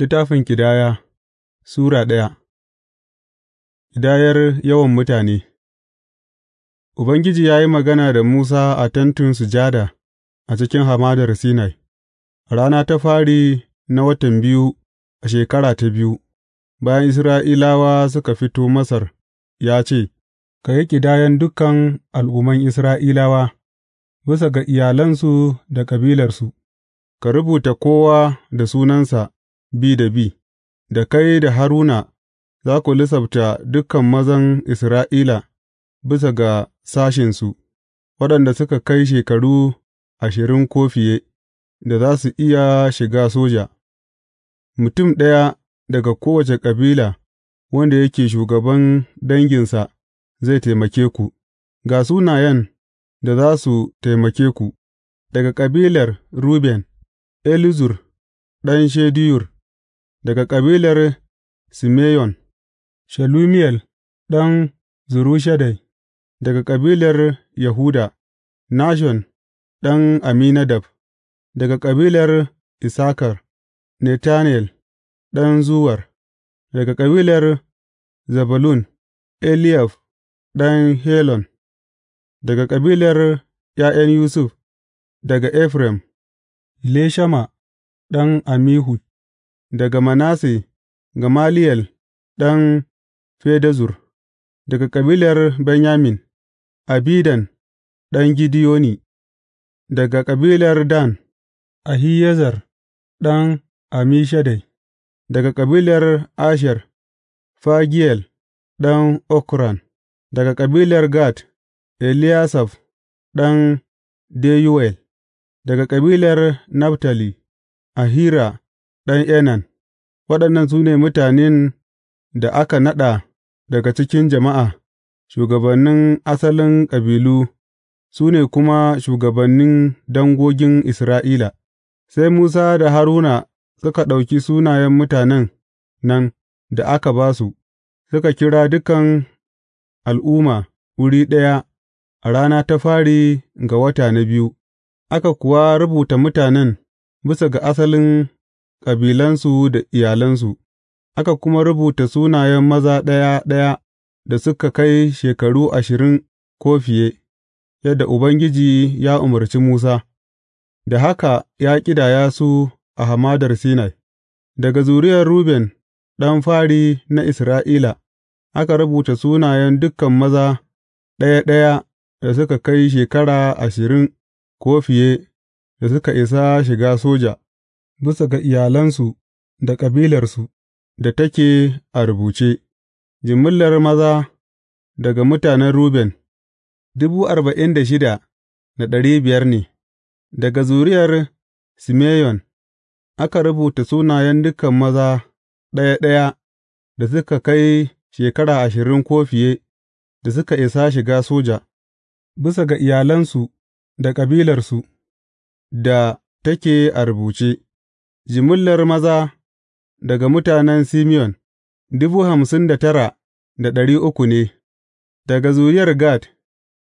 Littafin Kidaya, Sura ɗaya. Ƙidayar yawan mutane Ubangiji ya yi magana da Musa a Tentin Sujada a cikin Hamadar Sinai, rana ta fari na watan biyu a shekara ta biyu, bayan Isra'ilawa suka fito Masar, ya ce, Ka yi ƙidayan dukan al'umman Isra'ilawa, bisa ga iyalansu da kabilarsu, ka rubuta kowa da sunansa. bi da bi, da kai da Haruna za ku lissafta dukan mazan Isra'ila bisa ga sashensu, waɗanda suka kai shekaru ashirin ko fiye, da za su iya shiga soja, mutum ɗaya daga kowace ƙabila wanda yake shugaban danginsa zai taimake ku, ga sunayen da za su taimake ku, daga ƙabilar Ruben, Elizur ɗan Shediyur. daga kabilar Simeyon, Shalumiyel ɗan Zurushadai, daga kabilar Yahuda, Nashon ɗan aminadab daga kabilar Isakar, Netanel ɗan Zuwar, daga kabilar Zabalun, Eliyaf ɗan Helon, daga kabilar ’ya'yan Yusuf, daga Efraim, Leshama ɗan Ammihud. daga Manasse, Gamaliyel ɗan Fedazur; daga kabilar Benyamin, Abidan ɗan Gideyoni; daga kabilar Dan, Ahiyezer ɗan Amishadai. daga kabilar Asher, Fagiyel ɗan Okran; daga kabilar Gad, Eliyasaf ɗan Deyuwel; daga kabilar Naftali, Ahira. ɗan Enan Waɗannan su ne mutanen da aka naɗa daga cikin jama'a, shugabannin asalin kabilu, su ne kuma shugabannin dangogin Isra'ila, sai Musa da Haruna suka ɗauki sunayen mutanen nan da aka ba su, suka kira dukan al'umma wuri ɗaya a rana ta fari ga wata na biyu, aka kuwa rubuta mutanen bisa ga asalin kabilansu da iyalansu, aka kuma rubuta sunayen maza ɗaya ɗaya da suka kai shekaru ashirin ko fiye, yadda Ubangiji ya umarci Musa, da haka ya ƙidaya su a Hamadar Sinai, daga zuriyar Ruben ɗan fari na Isra'ila. aka rubuta sunayen dukan maza ɗaya ɗaya da suka kai shekara ashirin ko fiye da suka isa shiga soja, bisa ga iyalansu da kabilarsu, da take a rubuce, jimillar maza daga mutanen Ruben, dubu arba'in da shida da ɗari biyar ne, daga zuriyar Simeon, aka rubuta sunayen dukan maza ɗaya-ɗaya da suka kai shekara ashirin ko fiye da suka isa shiga soja, bisa ga iyalansu da kabilarsu, da take a rubuce. Jimillar maza daga mutanen Simeon dubu hamsin da tara da ɗari uku ne, daga zuriyar Gad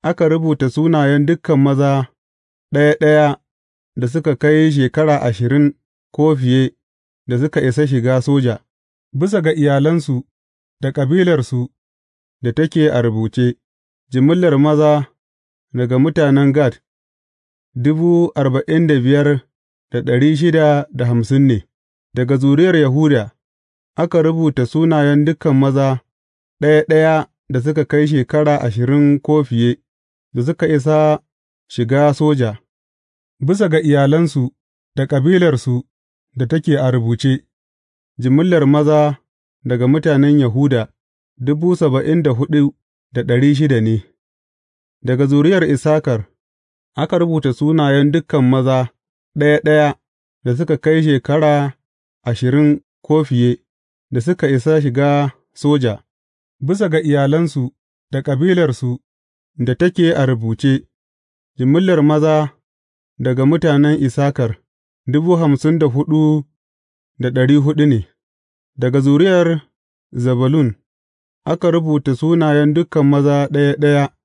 aka rubuta sunayen dukan maza ɗaya ɗaya da suka kai shekara ashirin ko fiye da suka isa shiga soja, bisa ga iyalansu da kabilarsu da take a rubuce, jimillar maza daga mutanen Gad dubu arba'in da biyar. Da da ɗari shida hamsin ne, daga zuriyar Yahuda, aka rubuta sunayen dukan maza ɗaya ɗaya da suka kai shekara ashirin ko fiye, da suka isa shiga soja, bisa ga iyalansu da kabilarsu da take a rubuce, jimillar maza daga mutanen Yahuda dubu saba'in da hudu da ɗari shida ne, daga zuriyar Isakar, aka rubuta sunayen dukan maza. ɗaya ɗaya da suka kai shekara ashirin ko fiye, da suka isa shiga soja, bisa ga iyalansu da kabilarsu da take a rubuce, jimillar maza daga mutanen Isakar, dubu hamsin da hudu da ɗari hudu ne, daga zuriyar Zabalun, aka rubuta sunayen dukan maza ɗaya ɗaya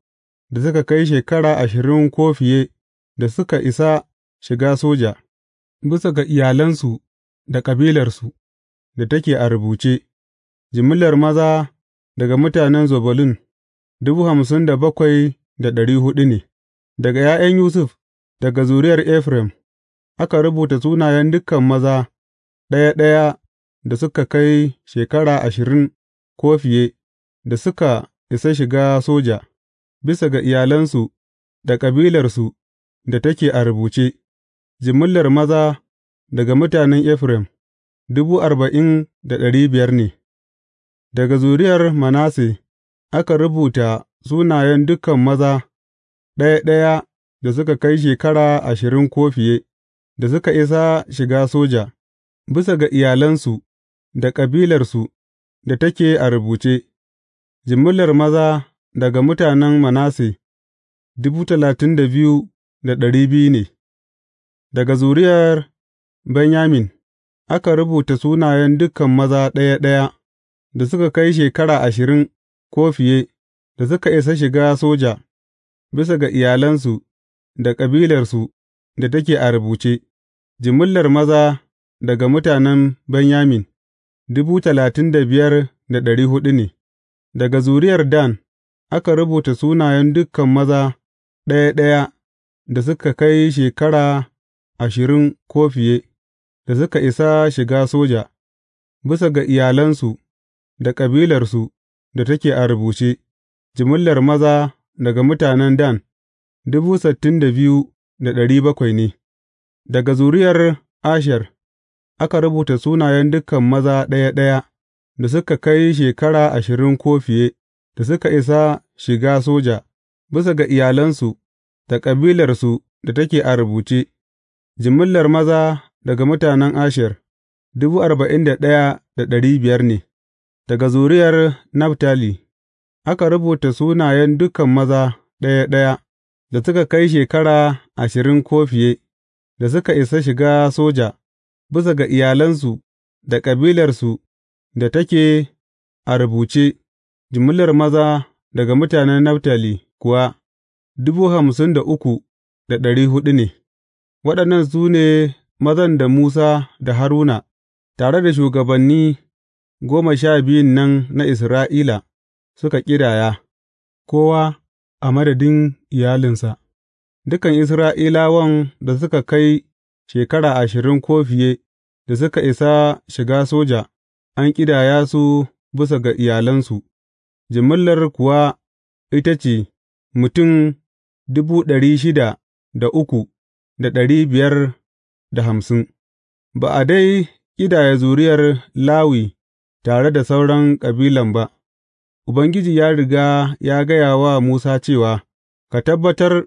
da suka kai shekara ashirin ko fiye da suka isa shiga soja, bisa ga iyalansu da kabilarsu, da take a rubuce, jimillar maza daga mutanen Zobalin dubu hamsin da bakwai da ɗari hudu ne, daga ’ya'yan Yusuf, daga zuriyar Efraim, aka rubuta sunayen dukan maza ɗaya ɗaya da suka kai shekara ashirin ko fiye, da suka isa shiga soja, bisa ga iyalansu da kabilarsu da take a rubuce. Jimillar maza daga mutanen Efraim, ne, daga zuriyar Manasse aka rubuta sunayen dukan maza ɗaya ɗaya da suka kai shekara ashirin ko fiye, da suka isa shiga soja, bisa ga iyalansu da kabilarsu da take a rubuce, jimillar maza daga mutanen Manasse ne. Daga zuriyar Benyamin, aka rubuta sunayen dukan maza ɗaya ɗaya da suka kai shekara ashirin ko fiye, da suka isa shiga soja, bisa ga iyalansu da kabilarsu da take a rubuce, jimillar maza daga mutanen Benyamin, dubu talatin da da biyar ɗari ne, daga zuriyar Dan, aka rubuta sunayen dukan maza ɗaya ɗaya da suka kai shekara ashirin ko fiye da suka isa shiga soja, bisa ga iyalansu da kabilarsu da take a rubuce, jimillar maza daga mutanen Dan, dubu sittin da biyu da ɗari bakwai ne, daga zuriyar Asher, aka rubuta sunayen dukan maza ɗaya-ɗaya da suka kai shekara ashirin ko fiye da suka isa shiga soja, bisa ga iyalansu da kabilarsu da take a rubuce, Jimillar maza daga mutanen Asher ne, daga zuriyar Naftali, aka rubuta sunayen dukan maza ɗaya ɗaya da suka kai shekara ashirin ko fiye, da suka isa shiga soja, bisa ga iyalansu da kabilarsu da take a rubuce, jimillar maza daga mutanen Naftali kuwa dubu hamsin da uku da ɗari huɗu ne. Waɗannan su ne mazan da Musa da Haruna, tare da shugabanni goma sha biyun nan na Isra'ila, suka ƙidaya, kowa a madadin iyalinsa, dukan Isra'ilawan da suka kai shekara ashirin ko fiye da suka isa shiga soja, an ƙidaya su bisa ga iyalansu, jimillar kuwa ita ce mutum dubu ɗari shida da uku. da ɗari biyar da hamsin Ba a dai ƙidaya zuriyar Lawi tare da sauran ƙabilan ba, Ubangiji ya riga ya gaya wa Musa cewa, Ka tabbatar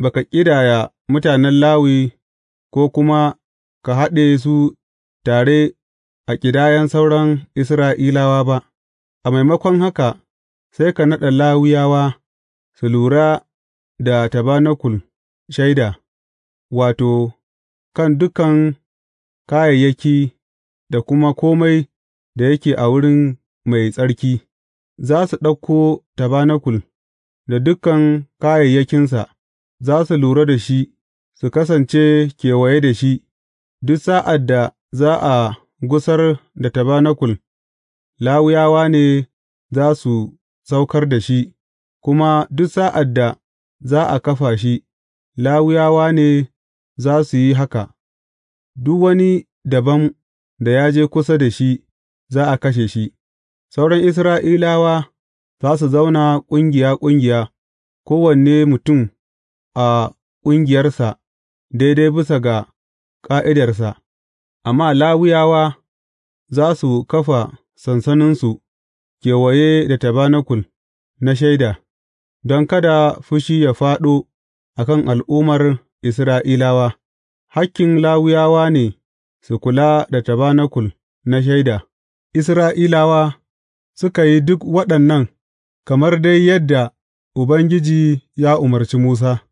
ba ka ƙidaya mutanen Lawi ko kuma ka haɗe su tare a ƙidayan sauran Isra'ilawa ba, a maimakon haka sai ka naɗa Lawiyawa su lura da tabanakul shaida. wato, kan dukan kayayyaki da kuma kome da yake a wurin mai tsarki, za su ɗauko tabanakul da dukan kayayyakinsa, za su lura da shi, su kasance kewaye da shi, duk sa'ad da za a gusar da tabanakul, lawuyawa ne za su saukar da shi, kuma duk sa'ad da za a kafa shi, lawuyawa ne za su yi haka, duk wani dabam da ya je kusa da shi za a kashe shi, sauran Isra'ilawa za su zauna ƙungiya ƙungiya, kowanne mutum a ƙungiyarsa daidai bisa ga ƙa'idarsa, amma Lawiyawa za su kafa sansaninsu kewaye da tabanakul na Shaida, don kada fushi ya fāɗo a kan al'ummar Isra'ilawa, hakkin Lawiyawa ne su kula da tabanakul na Shaida, Isra'ilawa suka yi duk waɗannan kamar dai yadda Ubangiji ya umarci Musa.